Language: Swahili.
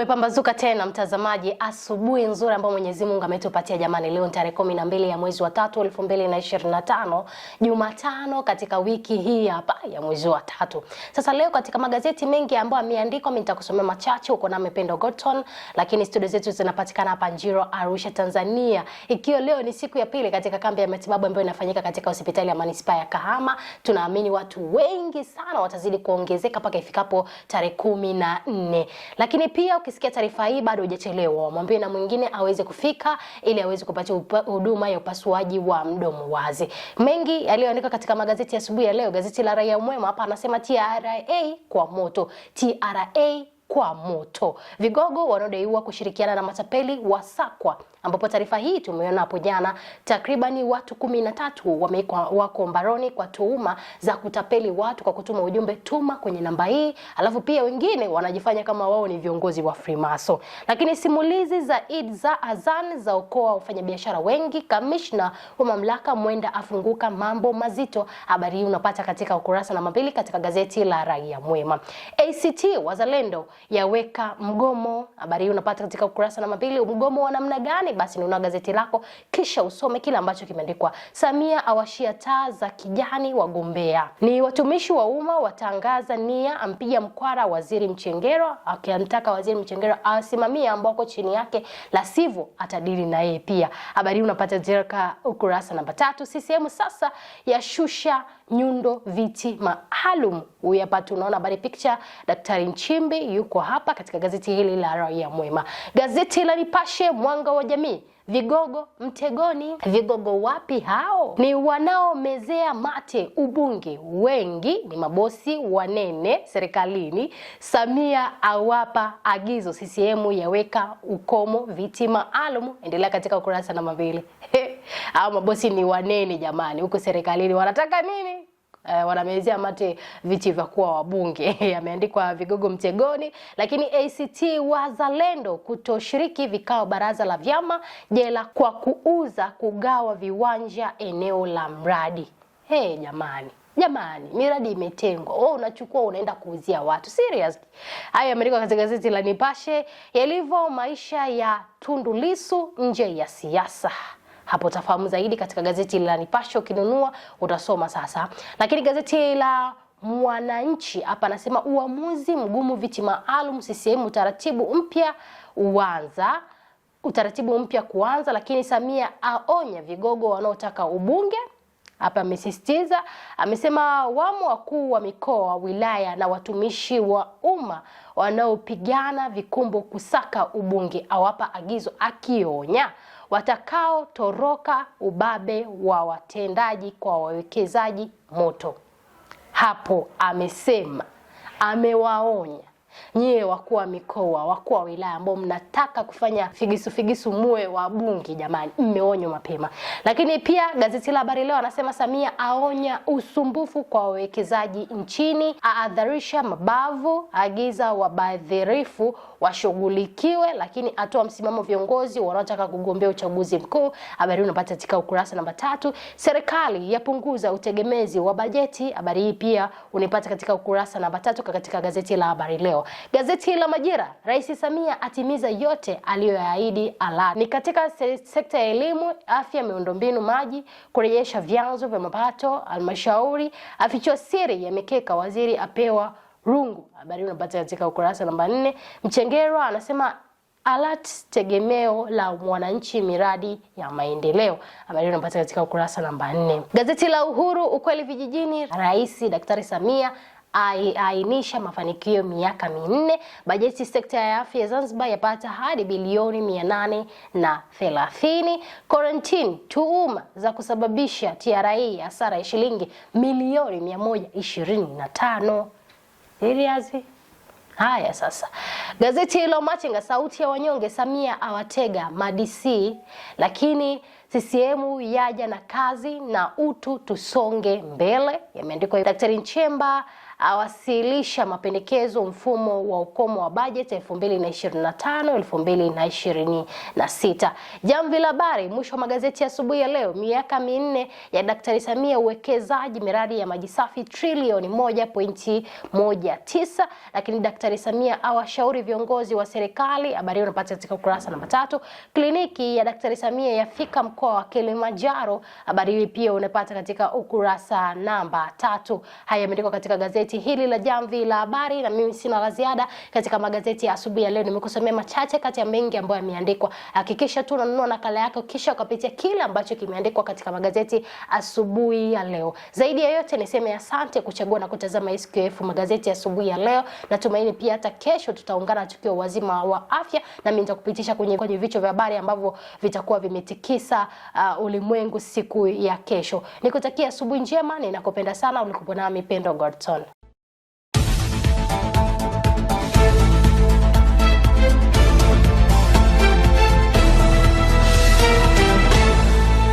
Tumepambazuka tena mtazamaji, asubuhi nzuri ambayo Mwenyezi Mungu ametupatia jamani. Leo ni tarehe kumi na mbili ya mwezi wa tatu elfu mbili na ishirini na tano Jumatano katika wiki hii hapa ya mwezi wa tatu. Sasa leo katika magazeti mengi ambayo ameandikwa, mimi nitakusomea machache huko na Mapendo Goton, lakini studio zetu zinapatikana hapa Njiro, Arusha, Tanzania, ikiwa leo ni siku ya pili katika kambi ya matibabu ambayo inafanyika katika hospitali ya manispaa ya Kahama. Tunaamini watu wengi sana watazidi kuongezeka mpaka ifikapo tarehe kumi na nne lakini pia akisikia taarifa hii bado hujachelewa, mwambie na mwingine aweze kufika ili aweze kupata huduma ya upasuaji wa mdomo wazi. Mengi yaliyoandikwa katika magazeti asubuhi ya, ya leo. Gazeti la Raia Mwema hapa anasema TRA kwa moto, TRA kwa moto. Vigogo wanaodaiwa kushirikiana na matapeli wasakwa ambapo taarifa hii tumeona hapo jana, takribani watu kumi na tatu wamewekwa wako mbaroni kwa tuhuma za kutapeli watu kwa kutuma ujumbe tuma kwenye namba hii, alafu pia wengine wanajifanya kama wao ni viongozi wa Freemason. Lakini simulizi za Eid za Azan za okoa wafanyabiashara wengi, kamishna wa mamlaka mwenda afunguka mambo mazito. Habari hii unapata katika ukurasa namba mbili katika gazeti la Raia Mwema. ACT Wazalendo yaweka mgomo. Habari hii unapata katika ukurasa namba mbili, mgomo wa namna gani gani, basi nunua gazeti lako kisha usome kile ambacho kimeandikwa. Samia awashia taa za kijani wagombea. Ni watumishi wa umma watangaza nia, ampiga mkwara waziri Mchengero, akimtaka waziri Mchengero asimamie ambako chini yake, la sivyo atadili na yeye pia. Habari unapata katika ukurasa namba tatu. CCM sasa yashusha nyundo viti maalum. Huyu tunaona habari picture, Daktari Nchimbi yuko hapa katika gazeti hili la Raia Mwema. Gazeti la Nipashe mwanga wa jamii. Vigogo mtegoni. Vigogo wapi hao? Ni wanaomezea mate ubunge. Wengi ni mabosi wanene serikalini. Samia awapa agizo, CCM yaweka ukomo viti maalum. Endelea katika ukurasa namba mbili. Hao mabosi ni wanene jamani, huko serikalini wanataka nini? Uh, eh, wanamezea mate viti vya kuwa wabunge yameandikwa vigogo mtegoni. Lakini ACT Wazalendo kutoshiriki vikao baraza la vyama jela kwa kuuza kugawa viwanja eneo la mradi. Hey, jamani jamani, miradi imetengwa, wewe unachukua unaenda kuuzia watu seriously. Hayo yameandikwa katika gazeti la Nipashe, yalivyo maisha ya Tundu Lissu nje ya siasa hapo utafahamu zaidi katika gazeti la Nipashe. Ukinunua utasoma sasa. Lakini gazeti la Mwananchi hapa anasema uamuzi mgumu, viti maalum CCM, utaratibu mpya uanza utaratibu mpya kuanza. Lakini Samia aonya vigogo wanaotaka ubunge. Hapa amesisitiza, amesema wamo wakuu wa mikoa, wilaya na watumishi wa umma wanaopigana vikumbo kusaka ubunge, awapa agizo akionya watakaotoroka ubabe wa watendaji kwa wawekezaji moto. Hapo amesema, amewaonya nyie wakuu wa mikoa, wakuu wa wilaya ambao mnataka kufanya figisu figisu, muwe bunge, jamani, mmeonywa mapema. Lakini pia gazeti la Habari Leo anasema Samia aonya usumbufu kwa wawekezaji nchini, aadharisha mabavu, agiza wabadhirifu washughulikiwe, lakini atoa msimamo viongozi wanaotaka kugombea uchaguzi mkuu. Habari unapata katika ukurasa namba tatu. Serikali yapunguza utegemezi wa bajeti. Habari hii pia unaipata katika ukurasa namba tatu katika gazeti la Habari Leo. Gazeti la Majira, Rais Samia atimiza yote aliyoyaahidi Alad. Ni katika se sekta ya elimu, afya, miundombinu, maji, kurejesha vyanzo vya mapato, halmashauri, afichua siri ya mikeka, waziri apewa rungu. Habari unapata katika ukurasa namba nne. Mchengerwa anasema Alat tegemeo la mwananchi, miradi ya maendeleo. Habari unapata katika ukurasa namba nne. Gazeti la Uhuru, ukweli vijijini, Rais Daktari Samia aainisha mafanikio miaka minne. Bajeti sekta ya afya ya Zanzibar yapata hadi bilioni mia nane na thelathini. Quarantine tuhuma za kusababisha TRA hasara ya shilingi milioni mia moja ishirini na tano. haya sasa, gazeti hilo Machinga, sauti ya wanyonge, Samia awatega madisi, lakini CCM yaja na kazi na utu tusonge mbele, yameandikwa Daktari Nchemba awasilisha mapendekezo mfumo wa ukomo wa bajeti 2025 2026. Jamvi la Habari, mwisho wa magazeti asubuhi ya, ya leo. Miaka minne ya Daktari Samia uwekezaji miradi ya maji safi trilioni 1.19, lakini Daktari Samia awashauri viongozi wa serikali. Habari unapata katika ukurasa namba tatu. Kliniki ya Daktari Samia yafika mkoa wa Kilimanjaro. Habari hii pia unapata katika ukurasa namba tatu. Haya yameandikwa katika gazeti gazeti hili la Jamvi la Habari, na mimi sina la ziada katika magazeti ya asubuhi ya leo. Nimekusomea machache kati ya mengi ambayo yameandikwa. Hakikisha tu unanunua nakala yako, kisha ukapitia kile ambacho kimeandikwa katika magazeti asubuhi ya leo. Zaidi ya yote, niseme asante kuchagua na kutazama SQF magazeti ya asubuhi ya, ya leo. Natumaini pia hata kesho tutaungana tukiwa wazima wa afya, na mimi nitakupitisha kwenye kwenye vichwa vya habari ambavyo vitakuwa vimetikisa uh, ulimwengu siku ya kesho. Nikutakia asubuhi njema, ninakupenda sana. Ulikuwa nami Pendo Gordon.